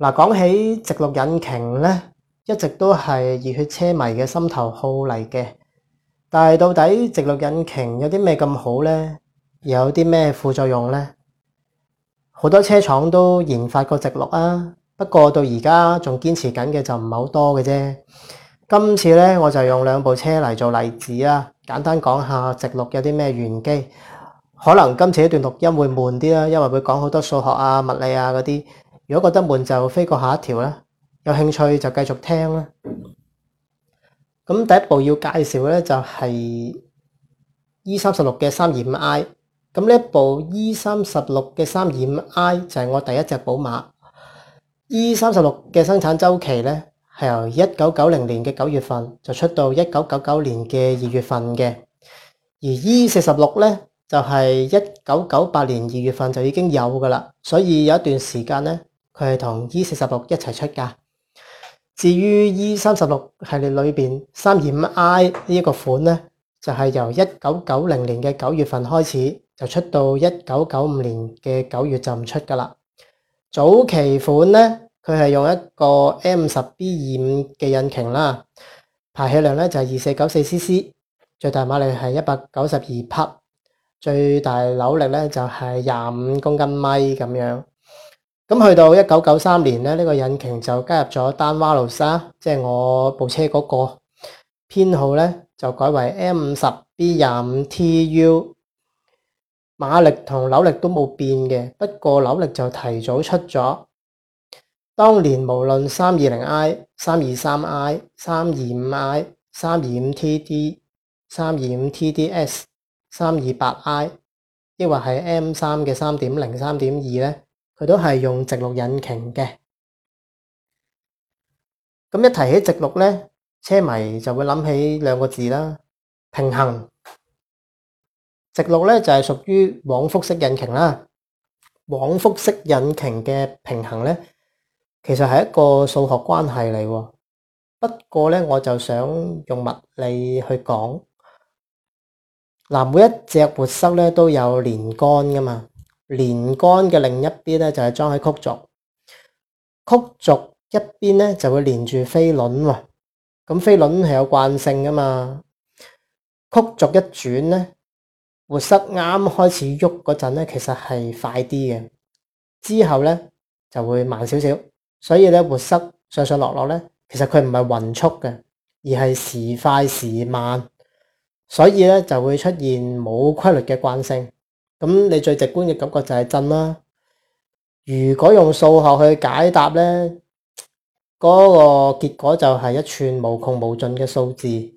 嗱，講起直六引擎咧，一直都係熱血車迷嘅心頭好嚟嘅。但係到底直六引擎有啲咩咁好咧？有啲咩副作用咧？好多車廠都研發過直六啊，不過到而家仲堅持緊嘅就唔係好多嘅啫。今次咧，我就用兩部車嚟做例子啦，簡單講下直六有啲咩玄機。可能今次一段錄音會悶啲啦，因為會講好多數學啊、物理啊嗰啲。如果覺得悶就飛過下一條啦，有興趣就繼續聽啦。咁第一部要介紹嘅咧就係 E 三十六嘅三二五 I。咁呢一部 E 三十六嘅三二五 I 就係我第一隻寶馬。E 三十六嘅生產週期咧係由一九九零年嘅九月份就出到一九九九年嘅二月份嘅。而 E 四十六咧就係一九九八年二月份就已經有噶啦，所以有一段時間咧。佢係同 E 四十六一齊出噶。至於 E 三十六系列裏邊三二五 I 呢一個款咧，就係由一九九零年嘅九月份開始就出到一九九五年嘅九月就唔出噶啦。早期款咧，佢係用一個 M 十 B 二五嘅引擎啦，排氣量咧就係二四九四 CC，最大馬力係一百九十二匹，最大扭力咧就係廿五公斤米咁樣。咁去到一九九三年呢，呢、呢個引擎就加入咗單瓦路沙，即係我部車嗰、嗰個編號咧，就改為 M 五十 B 廿五 TU，馬力同扭力都冇變嘅，不過扭力就提早出咗。當年無論三二零 I, I, I, D, DS, I 3 3. 0, 3.、三二三 I、三二五 I、三二五 TD、三二五 TDS、三二八 I，抑或係 M 三嘅三點零、三點二咧。佢都係用直六引擎嘅，咁一提起直六咧，車迷就會諗起兩個字啦，平衡。直六咧就係屬於往復式引擎啦，往復式引擎嘅平衡咧，其實係一個數學關係嚟。不過咧，我就想用物理去講。嗱，每一隻活塞咧都有連桿噶嘛。連桿嘅另一邊咧就係裝喺曲軸，曲軸一邊咧就會連住飛輪喎。咁飛輪係有慣性噶嘛？曲軸一轉咧，活塞啱開始喐嗰陣咧，其實係快啲嘅，之後咧就會慢少少。所以咧，活塞上上落落咧，其實佢唔係勻速嘅，而係時快時慢，所以咧就會出現冇規律嘅慣性。咁你最直觀嘅感覺就係震啦。如果用數學去解答咧，嗰個結果就係一串無窮無盡嘅數字。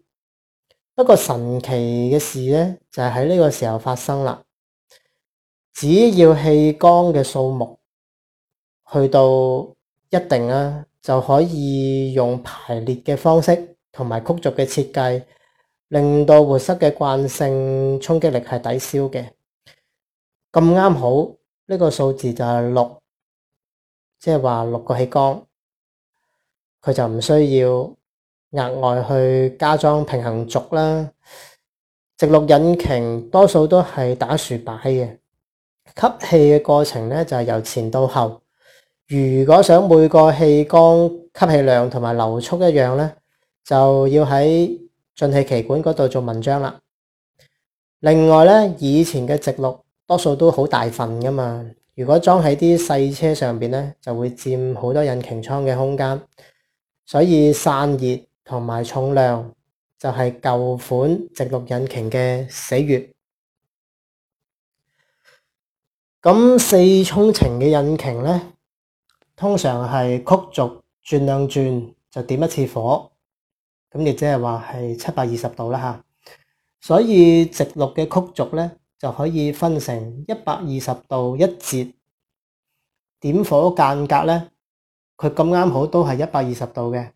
不過神奇嘅事咧就係喺呢個時候發生啦。只要氣缸嘅數目去到一定啊，就可以用排列嘅方式同埋曲軸嘅設計，令到活塞嘅慣性衝擊力係抵消嘅。咁啱好呢個數字就係六，即係話六個氣缸，佢就唔需要額外去加裝平衡軸啦。直六引擎多數都係打豎擺嘅吸氣嘅過程咧，就係由前到後。如果想每個氣缸吸氣量同埋流速一樣咧，就要喺進氣歧管嗰度做文章啦。另外咧，以前嘅直六。多數都好大份噶嘛，如果裝喺啲細車上邊呢，就會佔好多引擎倉嘅空間，所以散熱同埋重量就係舊款直六引擎嘅死穴。咁四衝程嘅引擎呢，通常係曲軸轉兩轉就點一次火，咁亦即係話係七百二十度啦吓。所以直六嘅曲軸呢。就可以分成一百二十度一節點火間隔咧，佢咁啱好都係一百二十度嘅，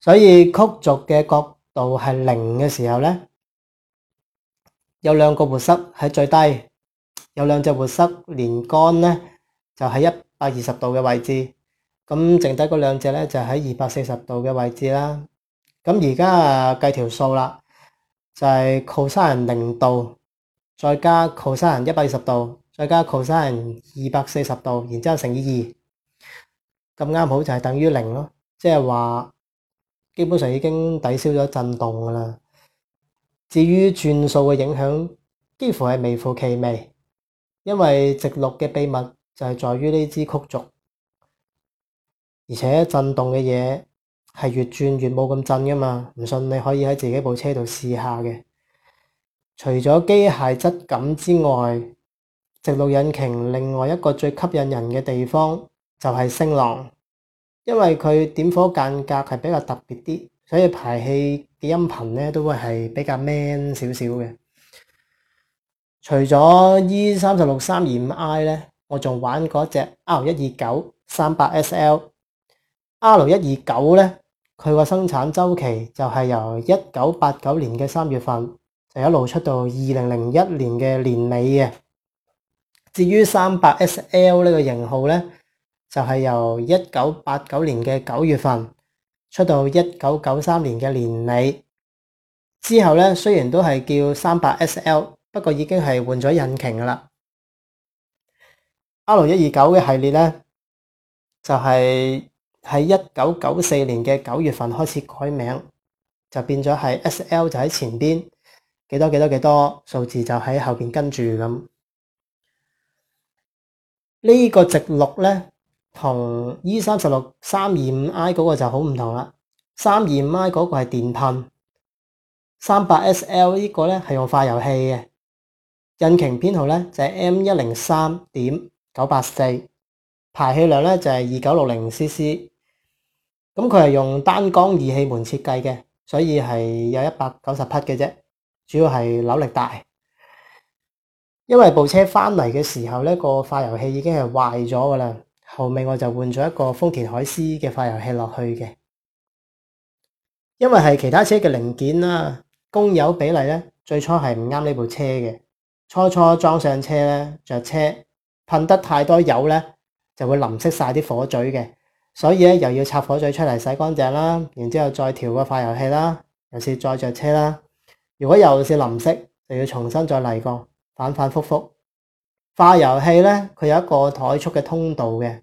所以曲軸嘅角度係零嘅時候咧，有兩個活塞喺最低，有兩隻活塞連杆咧就喺一百二十度嘅位置，咁剩低嗰兩隻咧就喺二百四十度嘅位置啦。咁而家啊，計條數啦，就係 cos 零度。再加 cosine 一百二十度，再加 cosine 二百四十度，然之後乘以二，咁啱好就係等於零咯。即係話基本上已經抵消咗震動噶啦。至於轉數嘅影響，幾乎係微乎其微，因為直六嘅秘密就係在於呢支曲軸，而且震動嘅嘢係越轉越冇咁震噶嘛。唔信你可以喺自己部車度試下嘅。除咗機械質感之外，直六引擎另外一個最吸引人嘅地方就係聲浪，因為佢點火間隔係比較特別啲，所以排氣嘅音頻呢都會係比較 man 少少嘅。除咗 E 三十六三二五 I，呢我仲玩過一隻 R 一二九三八 SL，R 一二九呢，佢個生產周期就係由一九八九年嘅三月份。一路出到二零零一年嘅年尾嘅。至於三百 SL 呢個型號呢，就係、是、由一九八九年嘅九月份出到一九九三年嘅年尾。之後呢，雖然都係叫三百 SL，不過已經係換咗引擎噶啦。R 一二九嘅系列呢，就係喺一九九四年嘅九月份開始改名，就變咗係 SL 就喺前邊。幾多幾多幾多數字就喺後邊跟住咁，呢個直六咧同 E 三十六三二五 I 嗰個就好唔同啦。三二五 I 嗰個係電噴，三百 SL 呢個咧係用化油器嘅。引擎編號咧就係 M 一零三點九八四，排氣量咧就係二九六零 CC。咁佢係用單缸二氣門設計嘅，所以係有一百九十匹嘅啫。主要係扭力大，因為部車翻嚟嘅時候咧，個化油器已經係壞咗噶啦。後尾我就換咗一個豐田海獅嘅化油器落去嘅，因為係其他車嘅零件啦，供油比例咧，最初係唔啱呢部車嘅。初初裝上車咧，着車噴得太多油咧，就會淋熄晒啲火嘴嘅，所以咧又要拆火嘴出嚟洗乾淨啦，然之後再調個化油器啦，又試再着車啦。如果又係臨熄，就要重新再嚟過，反反复复。化油器呢，佢有一個怠速嘅通道嘅，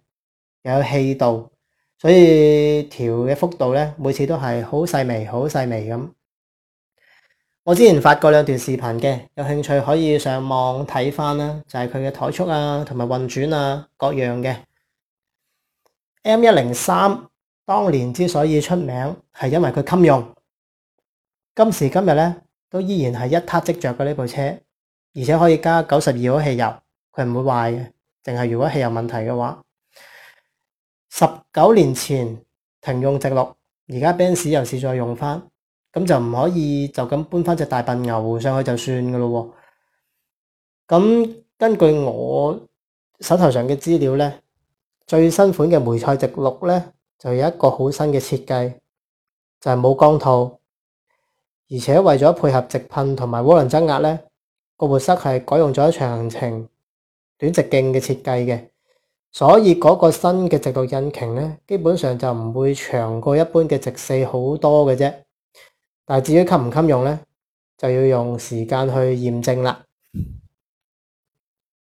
又有氣道，所以調嘅幅度呢，每次都係好細微、好細微咁。我之前發過兩段視頻嘅，有興趣可以上網睇返啦，就係佢嘅怠速啊，同埋運轉啊各樣嘅。M103 當年之所以出名，係因為佢襟用，今時今日呢。都依然係一撻即着嘅呢部車，而且可以加九十二號汽油，佢唔會壞嘅。淨係如果汽油問題嘅話，十九年前停用直六，而家 Benz 又試再用翻，咁就唔可以就咁搬翻隻大笨牛上去就算嘅咯喎。咁根據我手頭上嘅資料呢，最新款嘅梅賽直六呢就有一個好新嘅設計，就係、是、冇鋼套。而且為咗配合直噴同埋渦輪增壓咧，個活塞係改用咗長行程短直徑嘅設計嘅，所以嗰個新嘅直六引擎咧，基本上就唔會長過一般嘅直四好多嘅啫。但係至於襟唔襟用咧，就要用時間去驗證啦。